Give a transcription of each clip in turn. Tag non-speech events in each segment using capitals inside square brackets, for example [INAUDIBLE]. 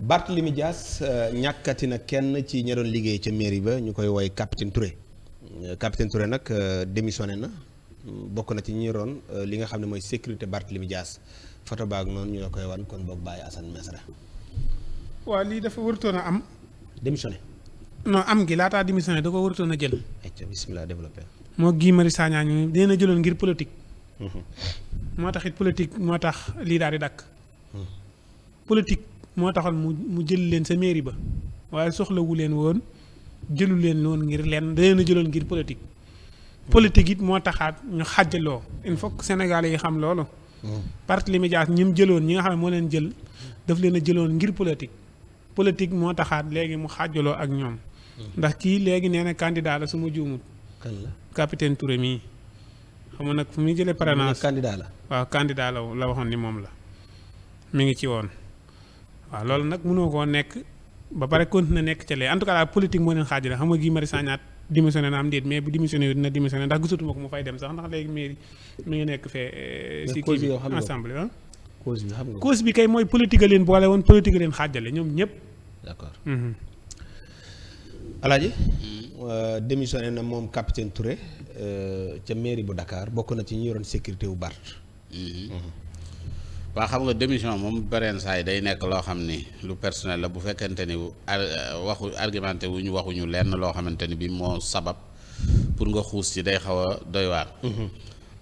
Barthélemy Dias euh, ñàkkati na kenn ci ña doon liggéey ca mairie ba ñu koy woy capitaine Touré euh, capitaine Touré nag euh, démissionné na bokk na ci ñi doon li nga xam ne mooy sécurité Barthélemy Dias photo baag noonu ñu la koy wan kon boog bàyyi Assane Mesra. waa lii dafa warutoon a am. démissionné. non am gi laataa démissionné da ko wërtoon a jël. ayca bisimilah développé. moo Guy Marius Sagna ñu dee jëloon ngir politique. Mhm. moo tax it politique moo tax lii daal di dakk mhm. politique moo taxoon mu mu jël leen sa mairie ba waaye soxlawu leen woon jëlu leen noonu ngir leen da leen a jëloon ngir politique. Hmm. politique it moo taxaat ñu xàjjaloo il faut que yi xam loolu. Hmm. Barthélémy Dias ñi mu jëloon ñi nga xam ne moo leen jël daf leen a jëloon ngir politique. politique moo taxaat léegi mu xàjjaloo ak ñoom. Hmm. ndax kii léegi nee na candidat la su ma juumut. kan la capitaine mii. xam nga nag fu muy jëlee parrainage candidat la. waaw candidat la la waxoon ni moom la mu ngi ci woon. waaw loolu nag mënoo koo nekk ba pare continuer nekk ca lee en tout cas la politique moo leen xaajale xam nga Guy Marius Sagna [LAUGHS] na am déet mais bu démissionné wu dina démissionné ngi nekk fee. Eh, si kii bi assemblée ah. cause bi xam nga cause bi kay mooy politique leen boole woon politique leen xaajale ñoom ñëpp. d'accord. Mhm. Alaaji. Mm-hmm. Euh, démissionné na moom capitaine Touré euh, ca mairie bu dakaar bokk na ci ñi yoroon sécurité bu Bart. Mm-hmm. Mhm. waa xam nga démission moom beneen saa yi day nekk loo xam ni lu personnel la bu fekkente ni waxu argumenté wu ñu waxuñu lenn loo xamante ni bi moo sabab pour nga xuus ci day xaw a doy waar. Mhm.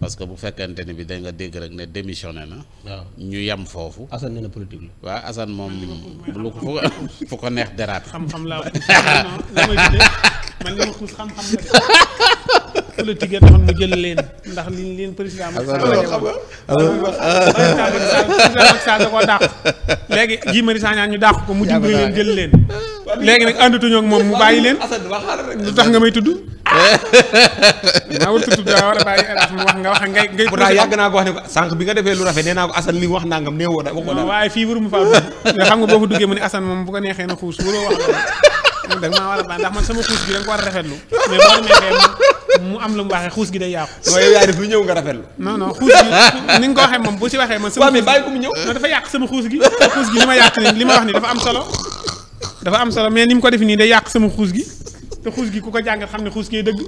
parce que bu fekkante ni bi da nga dégg rek ne démissionné na. ñu yem foofu. Assane nee na politique la. waaw Assane moom lu fu ko neex deraat. xam [LAUGHS] la [LAUGHS] politique yi taxoon mu jël leen ndax liñ leen président Macky Sall Macky Sall da koo dàq léegi Guy Marius Sagna ñu dàq ko mu dimbali leen jël leen léegi nag àndatuñoo ak moom mu bàyyi leen lu tax nga may tudd maa wut tudd daa war a bàyyi alaaf mu wax nga wax ngay ngay pourtant yàgg naa ko wax ne ko sànq bi nga defee lu rafet nee naa ko Assane li wax nangam nee woo da waxoo dara waaye fii waru mu faa dugg nga xam nga boo fa duggee mu ne Assane moom bu ko neexee na xuus waroo wax da nga maa war a baax ndax man sama xuus bi da nga ko war a rafetlu mais boo neexee mu am lu mu waxee xuus gi day yàqu. non yow yaa def lu ñëw nga rafetlu. non non nga ko waxee moom bu ci waxee man. sama xuus gi bàyyi ko mu ñëw. non dafa yàq sama xuus gi xuus gi li ma yàq nii li ma wax dafa am solo dafa am solo mais ni mu ko def nii day yàq sama xuus gi te xuus gi ku ko jàngat xam ne xuus gi dëgg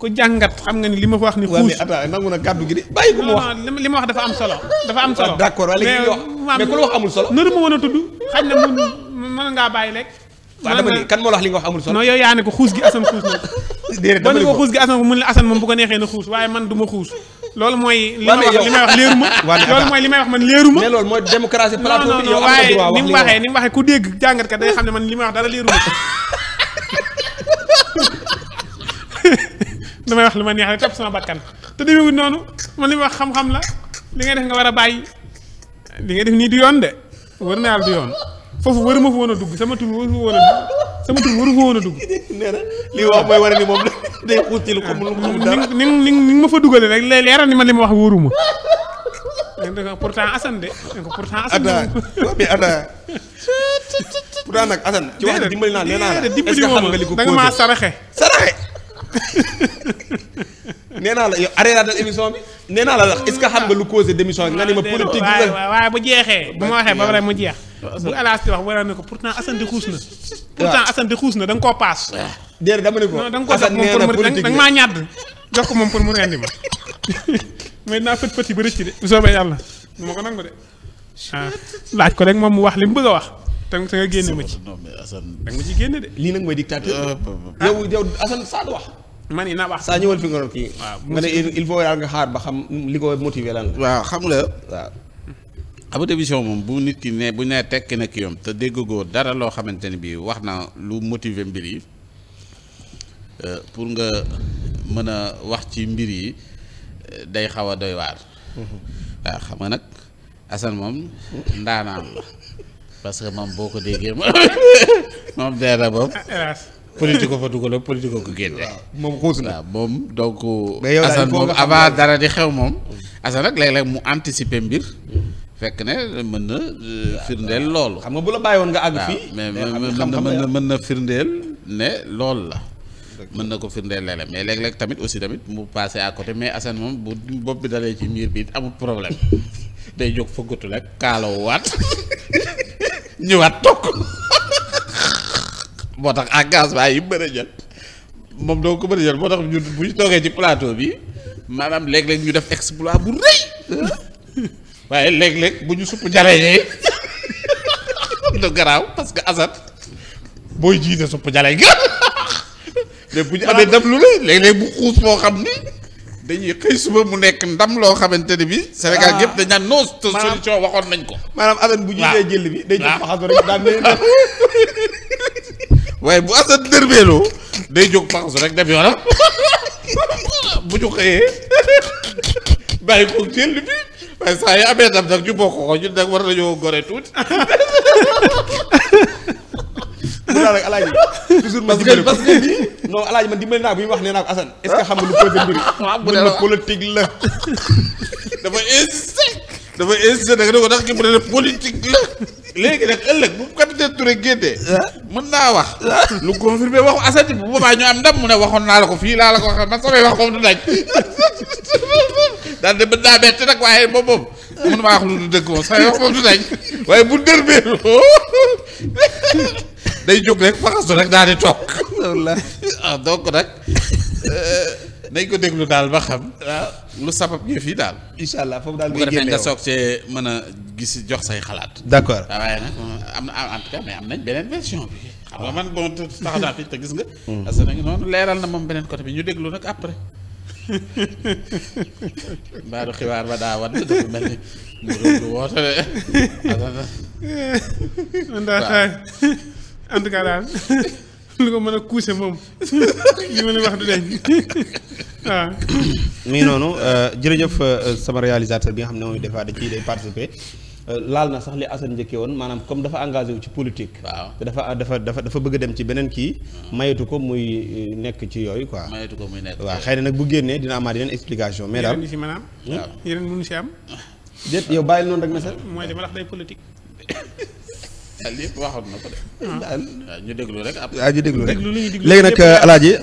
ku jàngat xam nga ni li ma wax ni. xuus na kàddu gi de bàyyi ko mu wax li ma wax dafa am solo. dafa am solo ah, d'accord waaye léegi wax mais ku la wax amul solo. nëru ma woon a tudd xañ na mën mën ngaa bàyyi lekk. waaw dama kan moo la wax li nga wax amul solo. non yow yaa ne ko xuus gi déedéet dama ko xuus gi Assane ko mun la Assane moom bu ko neexee na xuus waaye man du ma xuus loolu mooy li may wax li [LAUGHS] loolu mooy li may wax man léeru ma mais loolu mooy démocratie plateau bi yow waaye ni mu ni mu waxee ku dégg man li ma [LAUGHS] [LAUGHS] damay wax lu ma neex rek topp sama bakkan te demeewul noonu man li may wax xam-xam la li ngay def nga war a bàyyi li ngay def nii du yoon de war naa yàlla du yoon foofu waruma fa woon a dugg sama tur waruma fa woon a dugg sama tur waru fa woon a dugg. [LAUGHS] li wax mooy war ni moom day ma fa dugalee rek leeral ni ma li ma wax wóoruma. pourtant Assane de. pourtant Assane [LAUGHS] pourtant nag Assane. ci wax dimbali naa nee naa la est-ce nga li ko da nga maa saraxe. saraxe. [LAUGHS] nee naa la yow arrêté émission bi. nee naa la est-ce que xam nga lu causé démission nga ni ma politique. waaw waaw waaw bu jeexee. bu ma waxee ba pare mu jeex. bu alaas di wax wara ne ko pourtant Assane de xuus na. [LAUGHS] pourtant Assane de xuus na da nga koo paas. déedéet dama ne ko Assane nee jox moom pour mu rendi ma [LAUGHS] mais naa fët fët yi ba rëcc de. bu soobee yàlla du ma ko nangu de. Ah. laaj ko rek moom mu wax li mu bëgg a wax. te nga génne ma ci. da ma ci génne de. lii nag mooy dictateur. Ah, yow yow Assane saa du wax. man ni naa wax saa ñëwal fi nga doon kii. waaw nga il faut yàlla nga xaar ba xam li ko motiver lan la. waaw xam nga waaw. abota vision moom bu nit ki ne bu nee tekki nag ki yom te déggagoo dara loo xamante ne bii wax naa lu motiver mbir yi euh, pour nga mën a wax ci mbir yi euh, day xaw a doy waar waaw xam nga nag Assane moom ndaanaan la parce que moom boo ko déggee moom deera [LAUGHS] boobu ah, politique moom xuus na moom donc. dara di xew moom. Assane nag léeg-léeg mu anticiper mbir. fekk ne mën na euh, firndeel loolu. xam nga bu la bàyyi woon nga àgg fii. mais mën na mën na mën na firndeel ne loolu la. mën na ko firndeel léeg mais léeg-léeg tamit aussi tamit mu passé à côté mais Assane moom bu bopp bi dalee ci miir bi amul problème [LAUGHS] day jóg fëggatu rek kaaloo waat [LAUGHS] ñëwaat toog [LAUGHS] moo tax engagement yi mën a jël moom doo ko mën a jël moo tax ñu bu ñu toogee ci plateau bi maanaam léeg-léeg ñu def exploit bu rëy. Ah. waaye léeg-léeg bu ñu supp jaleñee [LAUGHS] du garaaw parce que asat booy jiite supp jaleñ nga [LAUGHS] bu ñu amee ndam lu la léeg-léeg bu xuus moo xam ni dañuy xëy suba mu nekk ndam loo xamante ne bi senegal gépp dañ naan non solution waxoon nañ ko maanaam asat bu ñu jël bi day jóg faxasu rek daan [LAUGHS] waaye bu asat dërbeeloo day jóg faxasu rek dem yoonam bu ñu xëyee bàyyi ko jël bi saa yi amee ndam nag ñu bokk ko ñun nag war nañoo gore tuuti. mu daal ak alaaji toujours ma dimbali parce que man dimbali naa bu ñu wax nee naa ko Assane est-ce que xam nga [LAUGHS] [LAUGHS] ko ndax ki mu ne politique la léegi nag ëllëg bu capitaine Touré génnee [LAUGHS] mën naa wax lu confirmé waxu Assane bu boobaa ñu am ndam mu ne waxoon naa la ko fii laa la ko waxee man samay wax moom du daj daal de bët daa bett nag waaye moom moom mënu maa wax lu du dëgg moom saa yoo xam dañ waaye bu dërbeeloo [LAUGHS] day jóg rek faxasu rek daal di toog. wallaahi ah euh, ko déglu daal ba xam. waaw lu sabab yëf yi daal. incha allah foofu daal ngay génne nga soog cee mën a gis jox say xalaat. d'accord ah, waaye nag am na en tout cas mais am nañ beneen version bi. xam nga man bon tax naa fi te gis nga. Hmm. parce que nag noonu leeral na moom beneen côté bi ñu déglu nag après. mbaaru xibaar ba daa wadd dafa mel ni mu lu woote de. en tout cas daal lu ko mën a coucher moom li ma leen wax du deñ waaw. muy noonu euh, jërëjëf euh, sama réalisateur bi nga xam ne mooy des fois da ciy day participer. laal na sax li Assane njëkkee woon maanaam comme dafa engagé wu ci politique. waaw te dafa dafa dafa dafa bëgg a dem ci beneen kii. Hmm. Euh, mayetu ko muy nekk ci yooyu quoi. ko muy nekk na nag bu génnee dina amaat yeneen explication. mais daal yeneen si mën hmm? a si am. déet yow bàyyil noonu rek message. mooy dama wax day politique. lépp [LAUGHS] waxoon na ko de. Ah. waaw ñu déglu rek après. waaw ah, ñu déglu rek léegi nag euh, alaaji